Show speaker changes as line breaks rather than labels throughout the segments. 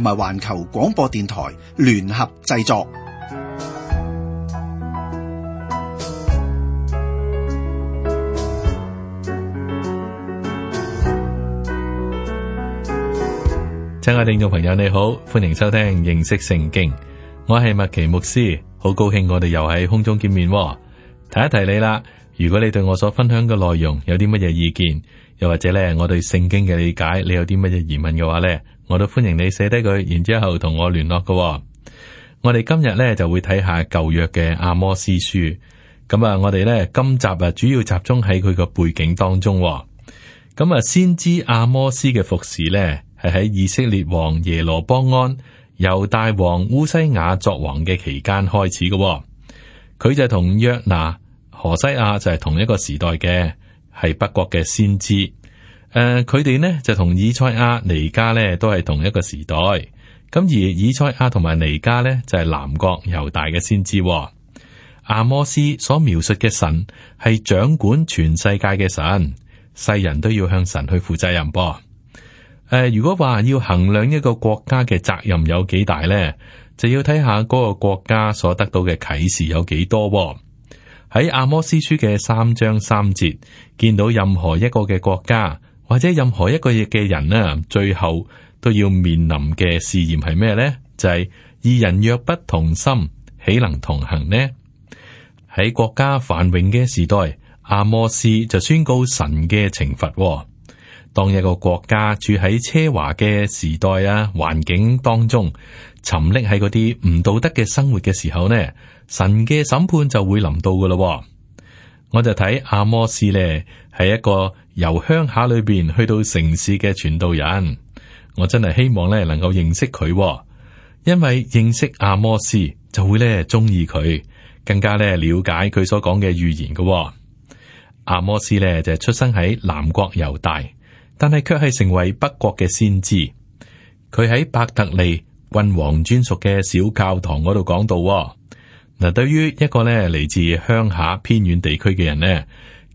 同埋環球廣播電台聯合製作。親愛的聽眾朋友，你好，歡迎收聽認識聖經，我係麥奇牧師，好高興我哋又喺空中見面，提一提你啦。如果你對我所分享嘅內容有啲乜嘢意見，又或者咧我對聖經嘅理解，你有啲乜嘢疑問嘅話咧，我都歡迎你寫低佢，然之後同我聯絡㗎喎。我哋今日咧就會睇下舊約嘅阿摩司書，咁啊，我哋咧今集啊主要集中喺佢個背景當中。咁啊，先知阿摩司嘅服侍咧係喺以色列王耶羅波安、猶大王烏西雅作王嘅期間開始㗎喎。佢就同約拿。何西亞就係同一個時代嘅，係北國嘅先知。誒、呃，佢哋呢就同以賽亞、尼加呢都係同一個時代。咁而以賽亞同埋尼加呢就係、是、南國猶大嘅先知、哦。阿摩司所描述嘅神係掌管全世界嘅神，世人都要向神去負責任、哦。誒、呃，如果話要衡量一個國家嘅責任有幾大呢，就要睇下嗰個國家所得到嘅啟示有幾多，多、哦。喺阿摩司書嘅三章三節，見到任何一個嘅國家或者任何一個嘅人呢、啊，最後都要面臨嘅試驗係咩呢？就係、是、二人若不同心，豈能同行呢？喺國家繁榮嘅時代，阿摩司就宣告神嘅懲罰。當一個國家住喺奢華嘅時代啊，環境當中沉溺喺嗰啲唔道德嘅生活嘅時候呢，神嘅審判就會臨到噶啦、哦。我就睇阿摩司咧，係一個由鄉下裏邊去到城市嘅傳道人。我真係希望咧能夠認識佢、哦，因為認識阿摩司就會咧中意佢，更加咧了解佢所講嘅預言噶、哦。阿摩司咧就係、出生喺南國猶大。但係卻係成為北國嘅先知，佢喺伯特利君王專屬嘅小教堂嗰度講到嗱、哦，對於一個咧嚟自鄉下偏遠地區嘅人咧，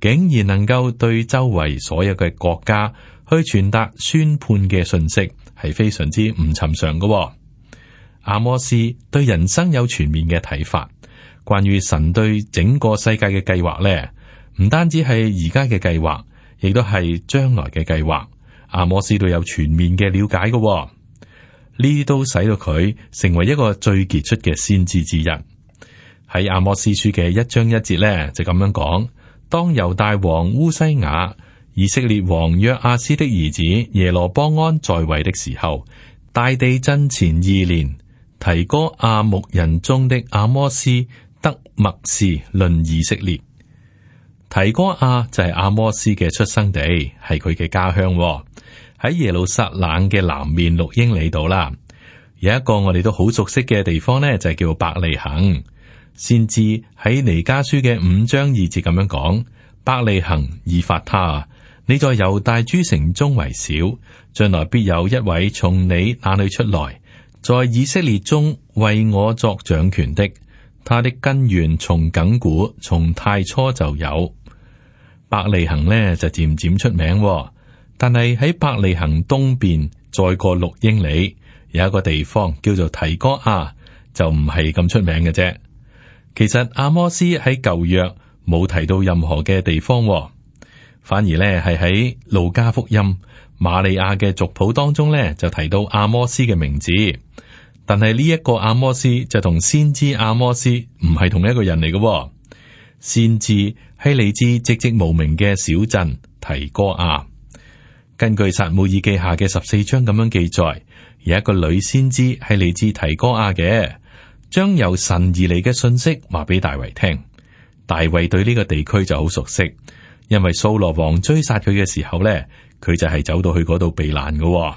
竟然能夠對周圍所有嘅國家去傳達宣判嘅信息，係非常之唔尋常嘅、哦。阿摩司對人生有全面嘅睇法，關於神對整個世界嘅計劃呢，唔單止係而家嘅計劃。亦都係將來嘅計劃，阿摩司都有全面嘅了解嘅、哦，呢都使到佢成為一個最傑出嘅先知之一。喺阿摩司書嘅一章一節呢，就咁樣講：當猶大王烏西雅、以色列王約阿斯的兒子耶羅波安在位的時候，大地震前二年，提哥阿牧人中的阿摩司德默士論以色列。提哥亞就係阿摩斯嘅出生地，係佢嘅家鄉喺、哦、耶路撒冷嘅南面六英里度啦。有一個我哋都好熟悉嘅地方呢，就係叫伯利恆。先至喺彌迦書嘅五章二節咁樣講：伯利恆，以法他，你在猶大諸城中為小，將來必有一位從你那裏出來，在以色列中為我作掌權的，他的根源從亙古從太初就有。伯利恆咧就漸漸出名，哦，但係喺伯利恆東邊再過六英里有一個地方叫做提哥亞，就唔係咁出名嘅啫。其實阿摩斯喺舊約冇提到任何嘅地方，哦，反而咧係喺路加福音瑪利亞嘅族譜當中咧就提到阿摩斯嘅名字，但係呢一個阿摩斯就同先知阿摩斯唔係同一一個人嚟嘅，哦。先知係嚟自寂寂無名嘅小鎮提哥亞，根據撒母耳記下嘅十四章咁樣記載，有一個女先知係嚟自提哥亞嘅，將由神而嚟嘅信息話俾大衛聽。大衛對呢個地區就好熟悉，因為掃羅王追殺佢嘅時候咧，佢就係走到去嗰度避難嘅。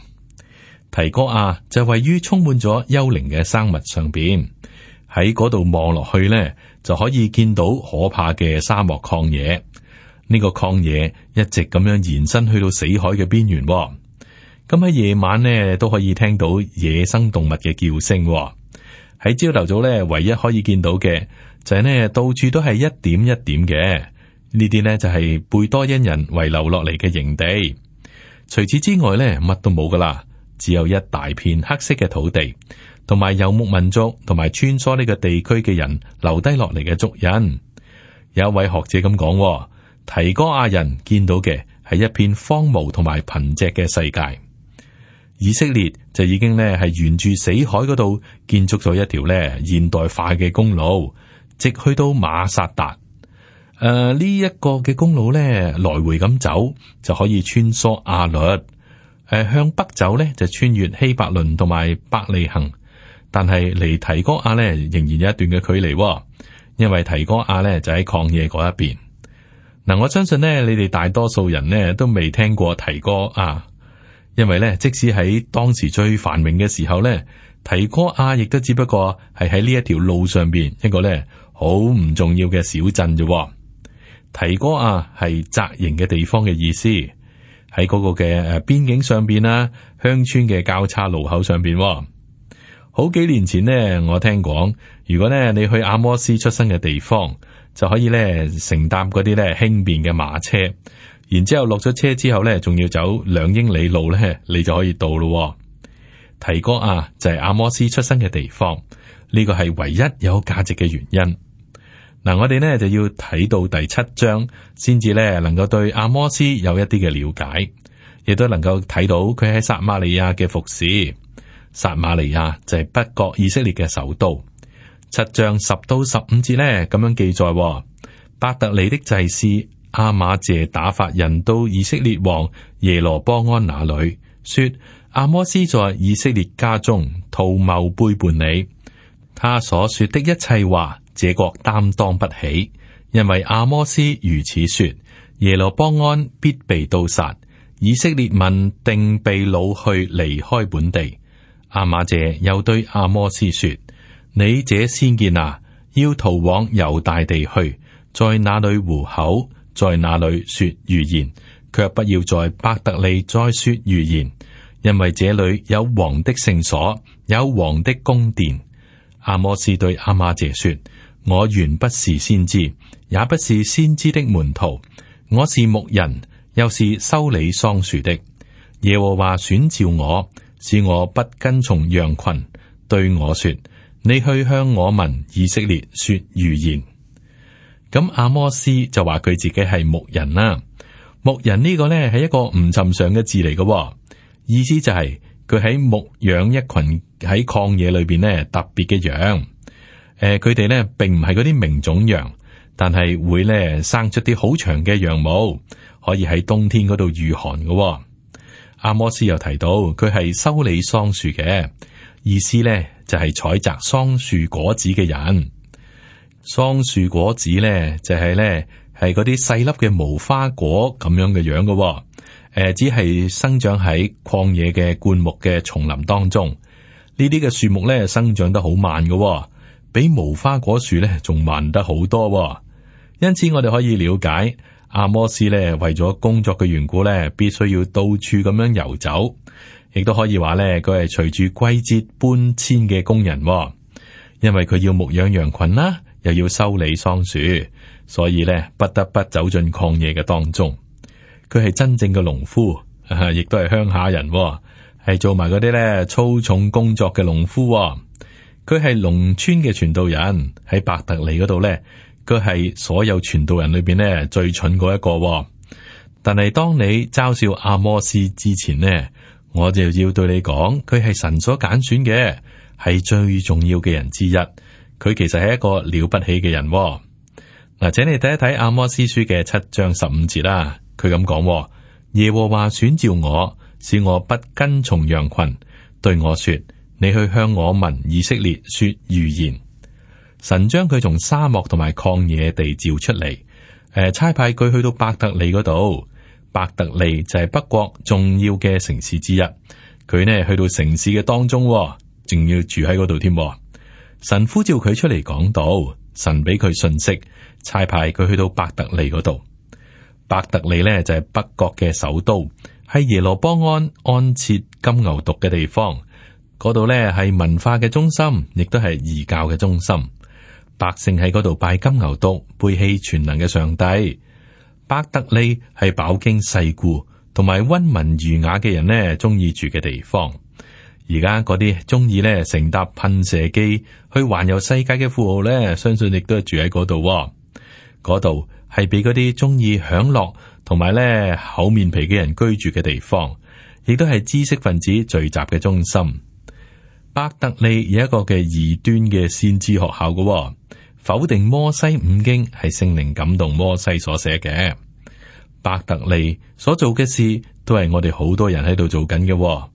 提哥亞就位於充滿咗幽靈嘅生物上邊，喺嗰度望落去咧。就可以見到可怕嘅沙漠曠野，呢個曠野一直咁樣延伸去到死海嘅邊緣。咁喺夜晚呢，都可以聽到野生動物嘅叫聲喎。喺朝頭早咧，唯一可以見到嘅就係呢，到處都係一點一點嘅，呢啲呢，就係貝多因人遺留落嚟嘅營地。除此之外呢，乜都冇噶啦，只有一大片黑色嘅土地。同埋遊牧民族同埋穿梭呢個地區嘅人留低落嚟嘅足印。有一位學者咁講：提哥亞人見到嘅係一片荒蕪同埋貧瘠嘅世界。以色列就已經咧係沿住死海嗰度建築咗一條咧現代化嘅公路，直去到馬薩達。誒、呃，呢、這、一個嘅公路咧來回咁走就可以穿梭阿律。誒、呃，向北走咧就穿越希伯倫同埋伯利恆。但係離提哥亞咧仍然有一段嘅距離，因為提哥亞咧就喺曠野嗰一邊。嗱，我相信咧，你哋大多數人咧都未聽過提哥亞，因為咧即使喺當時最繁榮嘅時候咧，提哥亞亦都只不過係喺呢一條路上邊一個咧好唔重要嘅小鎮啫。提哥亞係紮營嘅地方嘅意思，喺嗰個嘅誒邊境上邊啦，鄉村嘅交叉路口上邊。好幾年前呢，我聽講，如果咧你去阿摩司出生嘅地方，就可以咧乘搭嗰啲咧輕便嘅馬車，然之後落咗車之後咧，仲要走兩英里路咧，你就可以到咯、哦。提哥亞，就係阿摩司出生嘅地方，呢個係唯一有價值嘅原因。嗱、啊，我哋咧就要睇到第七章，先至咧能夠對阿摩司有一啲嘅了解，亦都能夠睇到佢喺撒瑪利亞嘅服侍。撒馬利亞就係、是、北國以色列嘅首都。七章十到十五節呢，咁樣記載、哦：伯特利的祭司阿馬謝打發人到以色列王耶羅波安那裏，說阿摩斯在以色列家中圖謀背叛你。他所說的一切話，這國擔當不起，因為阿摩斯如此說，耶羅波安必被刀殺，以色列民定被擄去離開本地。阿瑪謝又對阿摩斯說：你這先見啊，要逃往猶大地去，在那裏糊口，在那裏說預言，卻不要在伯特利再說預言，因為這裏有王的聖所，有王的宮殿。阿摩斯對阿瑪謝說：我原不是先知，也不是先知的門徒，我是牧人，又是修理桑樹的。耶和華選召我。是我不跟從羊群，對我說：你去向我民以色列說預言。咁阿摩斯就話佢自己係牧人啦。牧人呢個咧係一個唔尋常嘅字嚟嘅，意思就係佢喺牧養一群喺曠野裏邊咧特別嘅羊。誒、呃，佢哋咧並唔係嗰啲名種羊，但係會咧生出啲好長嘅羊毛，可以喺冬天嗰度御寒嘅。阿摩司又提到佢係修理桑樹嘅意思咧，就係、是、採摘桑樹果子嘅人。桑樹果子咧就係咧係嗰啲細粒嘅無花果咁樣嘅樣噶、哦，誒、呃，只係生長喺曠野嘅灌木嘅叢林當中。呢啲嘅樹木咧生長得好慢噶、哦，比無花果樹咧仲慢得好多、哦。因此我哋可以了解，阿摩司咧，為咗工作嘅緣故咧，必須要到處咁樣游走，亦都可以話咧佢係隨住季節搬遷嘅工人、哦，因為佢要牧養羊群啦、啊，又要修理桑樹，所以咧不得不走進曠野嘅當中。佢係真正嘅農夫，亦都係鄉下人、哦，係做埋嗰啲咧粗重工作嘅農夫、哦。佢係農村嘅傳道人，喺伯特利嗰度咧。佢係所有傳道人裏邊咧最蠢嗰一個，但係當你嘲笑阿摩斯之前呢，我就要對你講，佢係神所揀選嘅，係最重要嘅人之一。佢其實係一個了不起嘅人。嗱、啊，請你睇一睇阿摩斯書嘅七章十五節啦，佢咁講：耶和華選召我，使我不跟從羊群，對我說：你去向我民以色列說預言。神將佢從沙漠同埋曠野地召出嚟，誒、呃、差派佢去，去、哦哦、去到伯特利嗰度。伯特利就係北國重要嘅城市之一。佢呢去到城市嘅當中，仲要住喺嗰度添。神呼召佢出嚟講道，神俾佢訊息，差派佢去到伯特利嗰度。伯特利呢就係、是、北國嘅首都，係耶羅波安安設金牛犢嘅地方。嗰度呢係文化嘅中心，亦都係異教嘅中心。百姓喺嗰度拜金牛犢，背棄全能嘅上帝。伯特利係飽經世故同埋溫文儒雅嘅人呢，中意住嘅地方。而家嗰啲中意咧乘搭噴射機去環遊世界嘅富豪咧，相信亦都係住喺嗰度。嗰度係俾嗰啲中意享樂同埋咧厚面皮嘅人居住嘅地方，亦都係知識分子聚集嘅中心。伯特利有一個嘅異端嘅先知學校嘅、哦。否定摩西五經係聖靈感動摩西所寫嘅，伯特利所做嘅事都係我哋好多人喺度做緊嘅。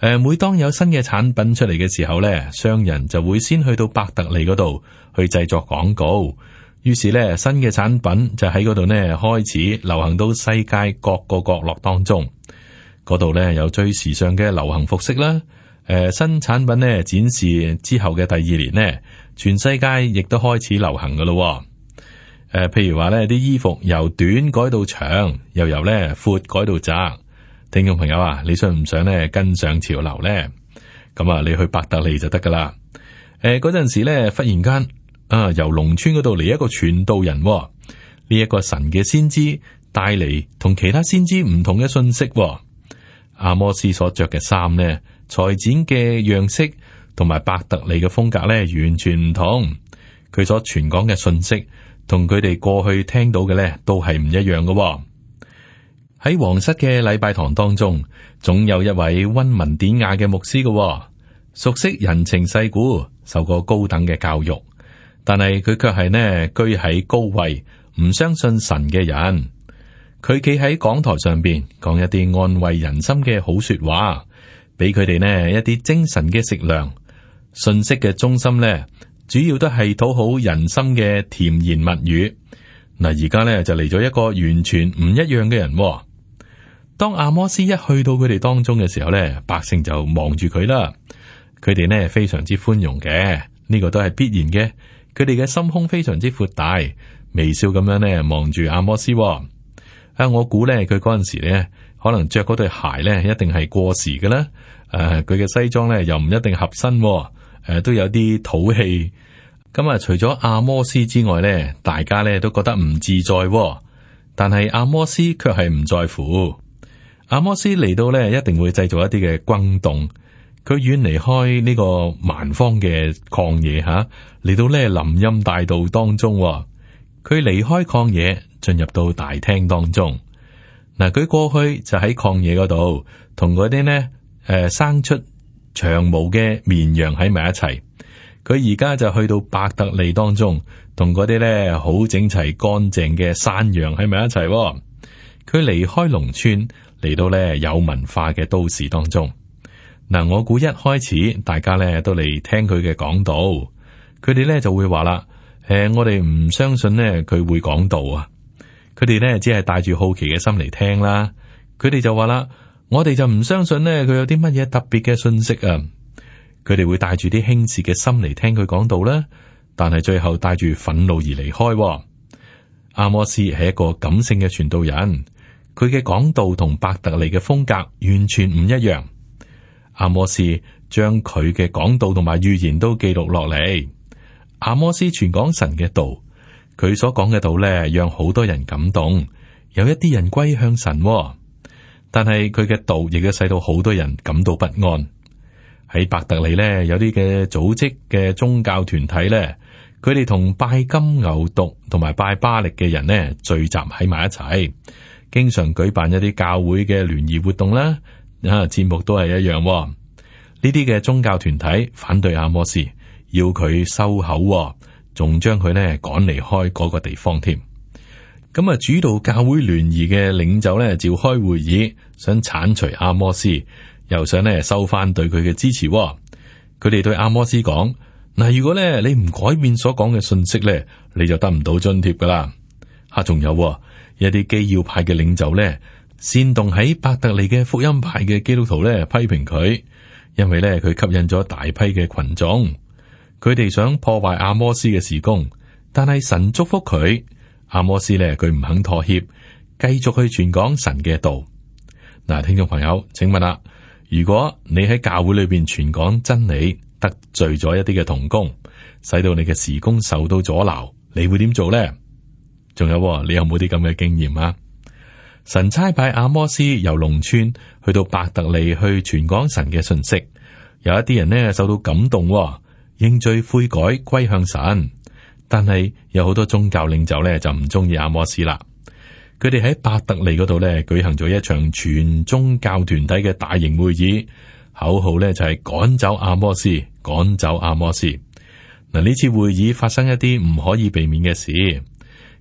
誒，每當有新嘅產品出嚟嘅時候呢，商人就會先去到伯特利嗰度去製作廣告，於是呢，新嘅產品就喺嗰度呢開始流行到世界各個角落當中。嗰度呢，有最時尚嘅流行服飾啦。誒，新產品呢，展示之後嘅第二年呢。全世界亦都開始流行噶咯誒、呃，譬如話咧啲衣服由短改到長，又由咧闊改到窄。聽眾朋友啊，你想唔想咧跟上潮流咧？咁啊，你去伯特利就得噶啦誒、呃，嗰陣時咧忽然間啊，由農村嗰度嚟一個傳道人、哦，呢、這、一個神嘅先知帶嚟同其他先知唔同嘅信息、哦。阿摩司所着嘅衫呢，裁剪嘅樣式。同埋伯特利嘅風格咧，完全唔同。佢所傳講嘅信息，同佢哋過去聽到嘅咧，都係唔一樣嘅、哦。喺皇室嘅禮拜堂當中，總有一位溫文典雅嘅牧師嘅、哦，熟悉人情世故，受過高等嘅教育。但係佢卻係呢居喺高位，唔相信神嘅人。佢企喺講台上邊，講一啲安慰人心嘅好說話，俾佢哋呢一啲精神嘅食糧。信息嘅中心咧，主要都係討好人心嘅甜言蜜語。嗱，而家咧就嚟咗一個完全唔一樣嘅人、哦。當阿摩司一去到佢哋當中嘅時候咧，百姓就望住佢啦。佢哋咧非常之寬容嘅，呢、這個都係必然嘅。佢哋嘅心胸非常之闊大，微笑咁樣咧望住阿摩司、哦。啊，我估咧佢嗰陣時咧，可能着嗰對鞋咧一定係過時嘅啦。誒、呃，佢嘅西裝咧又唔一定合身、哦。誒，都有啲土氣，咁啊，除咗阿摩斯之外咧，大家咧都覺得唔自在喎。但係阿摩斯卻係唔在乎。阿摩斯嚟到咧，一定會製造一啲嘅轟動。佢遠離開呢個蠻方嘅曠野吓，嚟、啊、到呢林蔭大道當中。佢離開曠野，進入到大廳當中。嗱、啊，佢過去就喺曠野嗰度，同嗰啲呢誒、呃、生出。長毛嘅綿羊喺埋一齊，佢而家就去到伯特利當中，同嗰啲咧好整齊乾淨嘅山羊喺埋一齊喎。佢離開農村嚟到咧有文化嘅都市當中。嗱，我估一開始大家咧都嚟聽佢嘅講道，佢哋咧就會話啦：誒，我哋唔相信咧佢會講道啊！佢哋咧只係帶住好奇嘅心嚟聽啦。佢哋就話啦。我哋就唔相信呢，佢有啲乜嘢特別嘅信息啊？佢哋會帶住啲輕視嘅心嚟聽佢講道咧，但係最後帶住憤怒而離開。阿摩司係一個感性嘅傳道人，佢嘅講道同伯特利嘅風格完全唔一樣。阿摩司將佢嘅講道同埋預言都記錄落嚟。阿摩司傳講神嘅道，佢所講嘅道咧，讓好多人感動，有一啲人歸向神。但係佢嘅道亦都使到好多人感到不安。喺伯特利咧，有啲嘅組織嘅宗教團體咧，佢哋同拜金牛犢同埋拜巴力嘅人咧聚集喺埋一齊，經常舉辦一啲教會嘅聯誼活動啦。啊，節目都係一樣，哦。呢啲嘅宗教團體反對阿摩司，要佢收口，哦，仲將佢咧趕離開嗰個地方添。咁啊，主導教會聯誼嘅領袖咧召開會議，想鏟除阿摩斯，又想咧收翻對佢嘅支持。佢哋對阿摩斯講：嗱，如果咧你唔改變所講嘅信息咧，你就得唔到津貼噶啦。吓，仲有一啲基要派嘅領袖咧，煽動喺伯特利嘅福音派嘅基督徒咧批評佢，因為咧佢吸引咗大批嘅群眾，佢哋想破壞阿摩斯嘅事工，但係神祝福佢。阿摩司咧，佢唔肯妥協，繼續去傳講神嘅道。嗱，聽眾朋友，請問啦，如果你喺教會裏邊傳講真理，得罪咗一啲嘅同工，使到你嘅事工受到阻撓，你會點做呢？仲有，你有冇啲咁嘅經驗啊？神差派阿摩司由農村去到伯特利去傳講神嘅信息，有一啲人呢受到感動，認罪悔改歸向神。但係有好多宗教領袖咧就唔中意阿摩斯啦，佢哋喺伯特利嗰度咧舉行咗一場全宗教團體嘅大型會議，口號咧就係趕走阿摩斯，趕走阿摩斯。嗱，呢次會議發生一啲唔可以避免嘅事，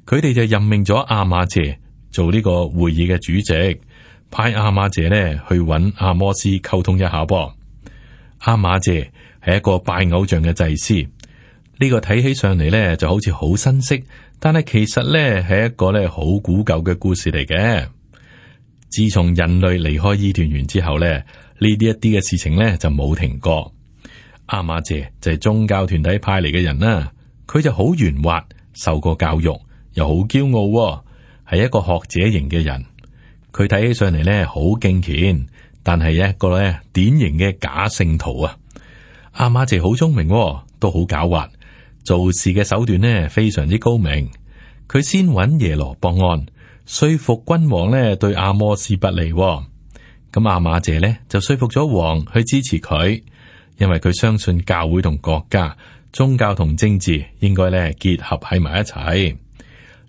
佢哋就任命咗阿馬謝做呢個會議嘅主席，派阿馬謝呢去搵阿摩斯溝通一下。噃，阿馬謝係一個拜偶像嘅祭司。呢個睇起上嚟咧就好似好新式，但係其實咧係一個咧好古舊嘅故事嚟嘅。自從人類離開伊甸園之後咧，呢啲一啲嘅事情咧就冇停過。亞瑪謝就係宗教團體派嚟嘅人啦，佢就好圓滑，受過教育，又好驕傲，係一個學者型嘅人。佢睇起上嚟咧好敬虔，但係一個咧典型嘅假聖徒啊。亞瑪謝好聰明，都好狡猾。做事嘅手段呢非常之高明，佢先搵耶羅波安，說服君王呢對阿摩司不利。咁阿馬謝呢就說服咗王去支持佢，因為佢相信教會同國家、宗教同政治應該呢結合喺埋一齊。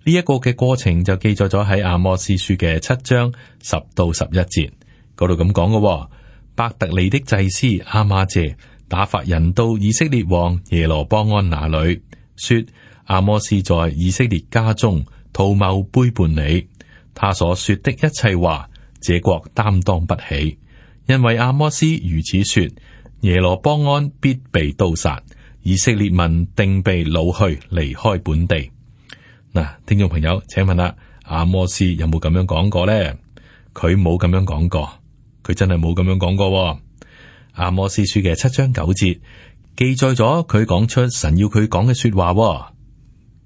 呢、這、一個嘅過程就記載咗喺阿摩司書嘅七章十到十一節嗰度咁講嘅。伯特利的祭司阿馬謝。打發人到以色列王耶羅波安那裏，說阿摩斯在以色列家中圖謀背，背叛你，他所說的一切話，這國擔當不起，因為阿摩斯如此說，耶羅波安必被刀殺，以色列民定被擄去離開本地。嗱，聽眾朋友，請問啦，阿摩斯有冇咁樣講過呢？佢冇咁樣講過，佢真係冇咁樣講過。阿摩司書嘅七章九節記載咗佢講出神要佢講嘅說話。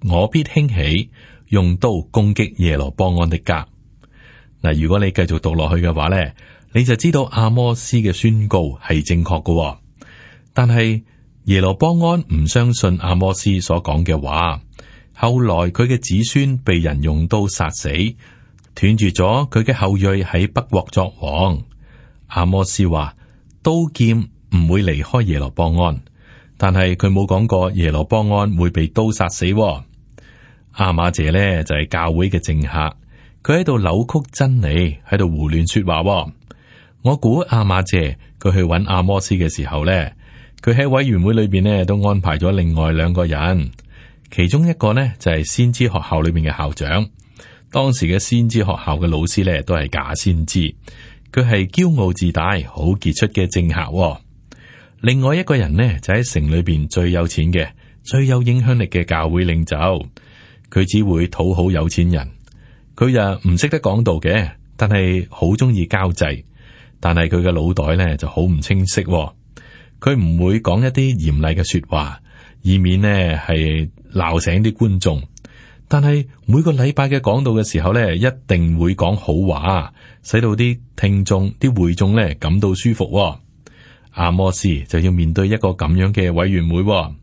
我必興起用刀攻擊耶羅波安的家。嗱，如果你繼續讀落去嘅話咧，你就知道阿摩司嘅宣告係正確嘅。但係耶羅波安唔相信阿摩司所講嘅話。後來佢嘅子孫被人用刀殺死，斷絕咗佢嘅後裔喺北國作王。阿摩司話。刀劍唔會離開耶羅波安，但係佢冇講過耶羅波安會被刀殺死，哦。阿瑪謝咧就係、是、教會嘅政客，佢喺度扭曲真理，喺度胡亂說話，哦。我估阿瑪謝佢去揾阿摩司嘅時候呢，佢喺委員會裏邊呢都安排咗另外兩個人，其中一個呢就係、是、先知學校裏面嘅校長。當時嘅先知學校嘅老師呢都係假先知。佢係驕傲自大、好傑出嘅政客喎。另外一個人呢，就喺城裏邊最有錢嘅、最有影響力嘅教會領袖。佢只會討好有錢人，佢又唔識得講道嘅，但係好中意交際。但係佢嘅腦袋呢就好唔清晰喎。佢唔會講一啲嚴厲嘅說話，以免呢係鬧醒啲觀眾。但係每個禮拜嘅講道嘅時候咧，一定會講好話，使到啲聽眾、啲會眾咧感到舒服、哦。阿摩斯就要面對一個咁樣嘅委員會、哦。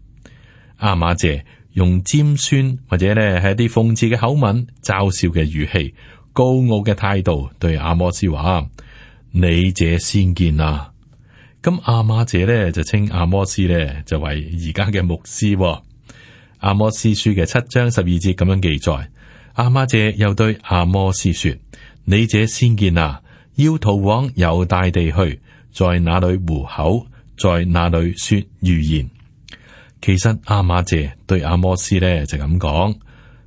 阿瑪姐用尖酸或者咧係一啲諷刺嘅口吻、嘲笑嘅語氣、高傲嘅態度對阿摩斯話：你這先見啊！咁阿瑪姐咧就稱阿摩斯咧就為而家嘅牧師、哦。阿摩司書嘅七章十二節咁樣記載，阿媽姐又對阿摩司說：你這先見啊，要逃往猶大地去，在哪裏糊口？在哪裏說預言？其實阿媽姐對阿摩司呢就咁講：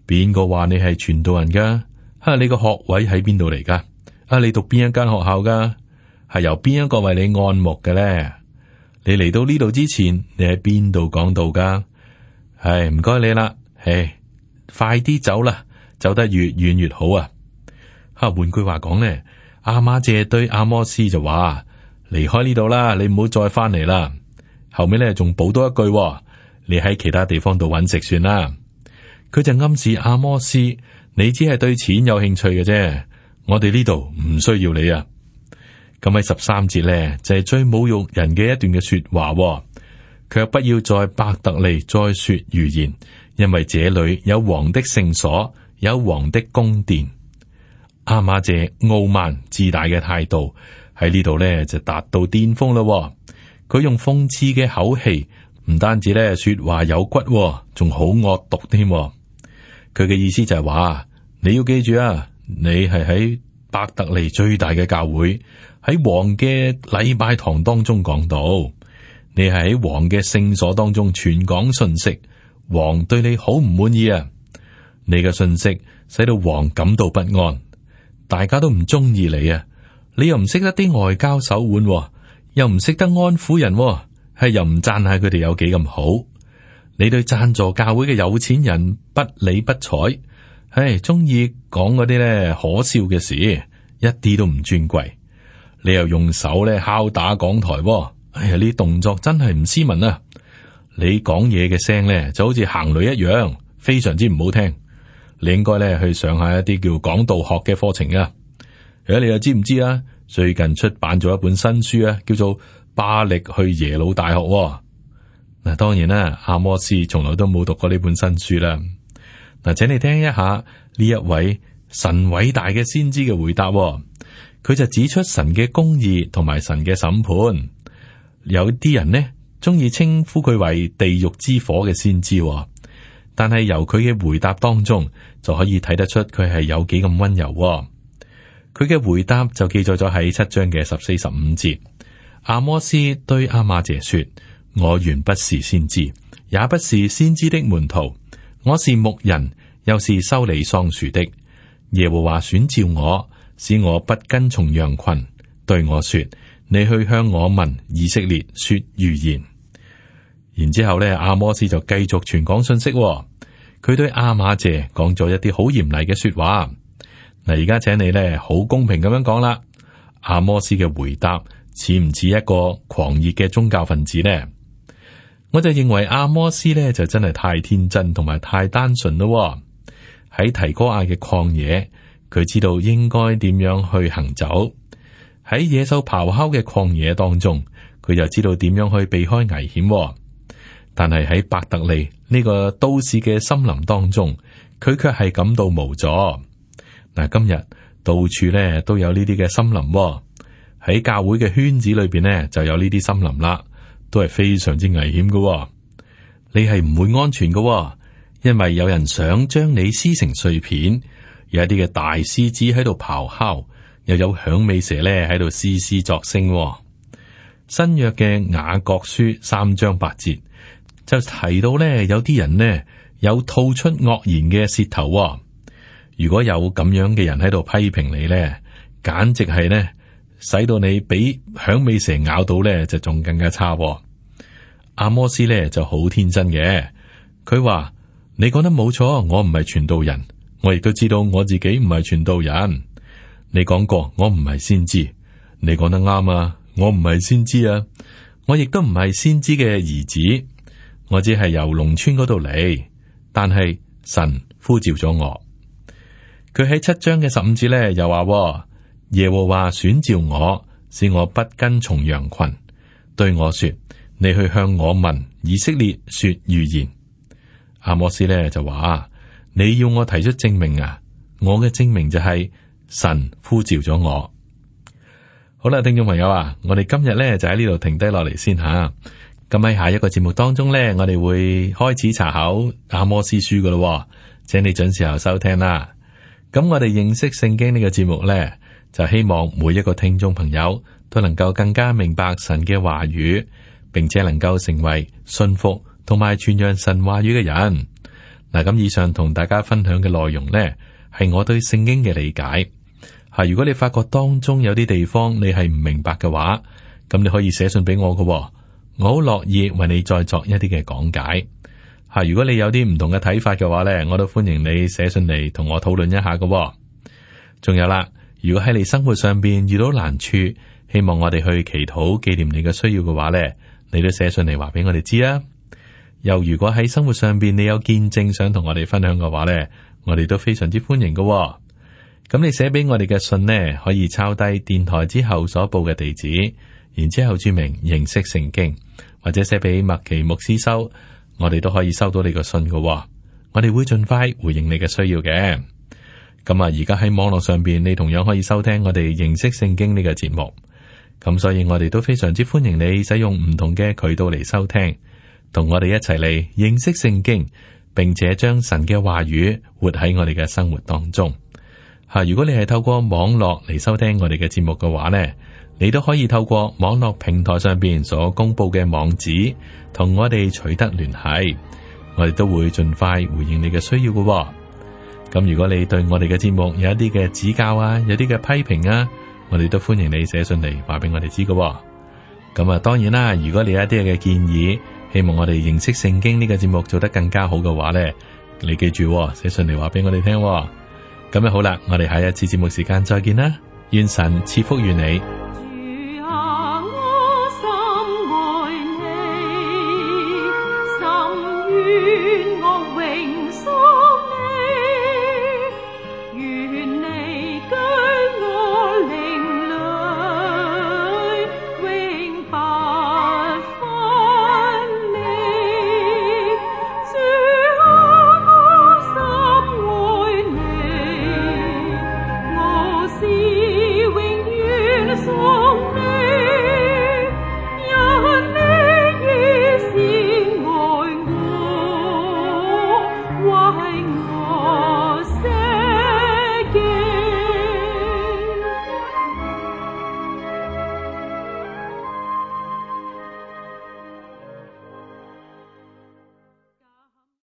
邊個話你係傳道人噶？啊，你個學位喺邊度嚟噶？啊，你讀邊一間學校噶？係由邊一個為你按牧嘅咧？你嚟到呢度之前，你喺邊度講道噶？係唔該你啦，唉，快啲走啦，走得越遠越好啊！哈、啊，換句話講咧，阿馬謝對阿摩司就話：離開呢度啦，你唔好再翻嚟啦。後面咧仲補多一句、哦：你喺其他地方度揾食算啦。佢就暗示阿摩司，你只係對錢有興趣嘅啫，我哋呢度唔需要你啊。咁喺十三節咧，就係、是、最侮辱人嘅一段嘅說話、啊。卻不要在伯特利再說預言，因為這裏有王的聖所，有王的宮殿。阿瑪謝傲慢自大嘅態度喺呢度咧就達到巔峰咯。佢用諷刺嘅口氣，唔單止咧說話有骨，仲好惡毒添。佢嘅意思就係、是、話，你要記住啊，你係喺伯特利最大嘅教會喺王嘅禮拜堂當中講到。你係喺王嘅聖所當中傳講信息，王對你好唔滿意啊！你嘅信息使到王感到不安，大家都唔中意你啊！你又唔識得啲外交手腕，啊，又唔識得安撫人，啊，係又唔讚下佢哋有幾咁好。你對贊助教會嘅有錢人不理不睬，唉、哎，中意講嗰啲咧可笑嘅事，一啲都唔尊貴。你又用手咧敲打講台喎、啊。哎呀！呢啲動作真係唔斯文啊！你講嘢嘅聲咧，就好似行雷一樣,非常之唔好聽。你應該咧去上下一啲叫講道學嘅課程啊！而家你又知唔知啊？最近出版咗一本新書啊，叫做《巴力去耶魯大學》啊。嗱，當然啦，阿摩司從來都冇讀過呢本新書啦。嗱，請你聽一下呢一位神偉大嘅先知嘅回答啊，佢就指出神嘅公義同埋神嘅審判。有啲人呢，中意稱呼佢為地獄之火嘅先知、哦，但係由佢嘅回答當中就可以睇得出佢係有幾咁温柔、哦。佢嘅回答就記載咗喺七章嘅十四十五節。阿摩司對阿瑪姐說：我原不是先知，也不是先知的門徒，我是牧人，又是修理桑樹的。耶和華選召我，使我不跟從羊群，對我說。你去向我民以色列說預言，然之後咧，阿摩司就繼續傳講信息、哦。佢對阿瑪謝講咗一啲好嚴厲嘅說話。嗱，而家請你咧，好公平咁樣講啦。阿摩司嘅回答似唔似一個狂熱嘅宗教分子呢？我就認為阿摩司咧就真係太天真同埋太單純咯、哦。喺提哥亞嘅曠野，佢知道應該點樣去行走。喺野獸咆哮嘅曠野當中，佢就知道點樣去避開危險、哦。但係喺伯特利呢個都市嘅森林當中，佢卻係感到無助。嗱，今日到處咧都有呢啲嘅森林喎、哦。喺教會嘅圈子裏邊咧，就有呢啲森林啦，都係非常之危險噶、哦。你係唔會安全噶、哦，因為有人想將你撕成碎片，有一啲嘅大獅子喺度咆哮。又有響尾蛇咧喺度嘶嘶作聲喎。新約嘅雅各書三章八節就提到咧，有啲人呢有吐出惡言嘅舌頭喎。如果有咁樣嘅人喺度批評你咧，簡直係咧使到你俾響尾蛇咬到咧，就仲更加差喎。阿摩司咧就好天真嘅，佢話你講得冇錯，我唔係傳道人，我亦都知道我自己唔係傳道人。你講過我唔係先知，你講得啱啊。我唔係先知啊，我亦都唔係先知嘅兒子。我只係由農村嗰度嚟，但係神呼召咗我。佢喺七章嘅十五節咧，又話、哦、耶和華選召我，使我不跟從羊群，對我說：你去向我民以色列說預言。阿摩司咧就話，你要我提出證明啊，我嘅證明就係、是。神呼召咗我，好啦，聽眾朋友啊，我哋今日呢就喺呢度停低落嚟先吓。咁、啊、喺下一個節目當中呢，我哋會開始查考阿摩司書嘅咯、哦，請你準時候收聽啦。咁我哋認識聖經呢、這個節目呢，就希望每一個聽眾朋友都能夠更加明白神嘅話語，並且能夠成為信服同埋傳揚神話語嘅人。嗱，咁以上同大家分享嘅內容呢，係我對聖經嘅理解吓，如果你發覺當中有啲地方你係唔明白嘅話，咁你可以寫信俾我嘅，我好樂意為你再作一啲嘅講解吓。如果你有啲唔同嘅睇法嘅話呢，我都歡迎你寫信嚟同我討論一下嘅。仲有啦，如果喺你生活上邊遇到難處，希望我哋去祈禱紀念你嘅需要嘅話呢，你都寫信嚟話俾我哋知啊。又如果喺生活上邊你有見證想同我哋分享嘅話呢。我哋都非常之歡迎嘅哦，咁你寫俾我哋嘅信呢，可以抄低電台之後所報嘅地址，然之後注明認識聖經，或者寫俾麥奇牧師收，我哋都可以收到你個信嘅哦。我哋會盡快回應你嘅需要嘅。咁啊，而家喺網絡上邊，你同樣可以收聽我哋認識聖經呢個節目。咁所以，我哋都非常之歡迎你使用唔同嘅渠道嚟收聽，同我哋一齊嚟認識聖經，並且將神嘅話語活喺我哋嘅生活當中。吓，如果你係透過網絡嚟收聽我哋嘅節目嘅話呢，你都可以透過網絡平台上邊所公佈嘅網址，同我哋取得聯繫。我哋都會盡快回應你嘅需要嘅。咁如果你對我哋嘅節目有一啲嘅指教啊，有啲嘅批評啊，我哋都歡迎你寫信嚟話俾我哋知嘅。咁啊，當然啦，如果你有一啲嘅建議。希望我哋認識聖經呢個節目做得更加好嘅話呢，你記住、哦、寫信嚟，話俾我哋聽。咁樣好啦，我哋下一次節目時間再見啦，願神賜福於你。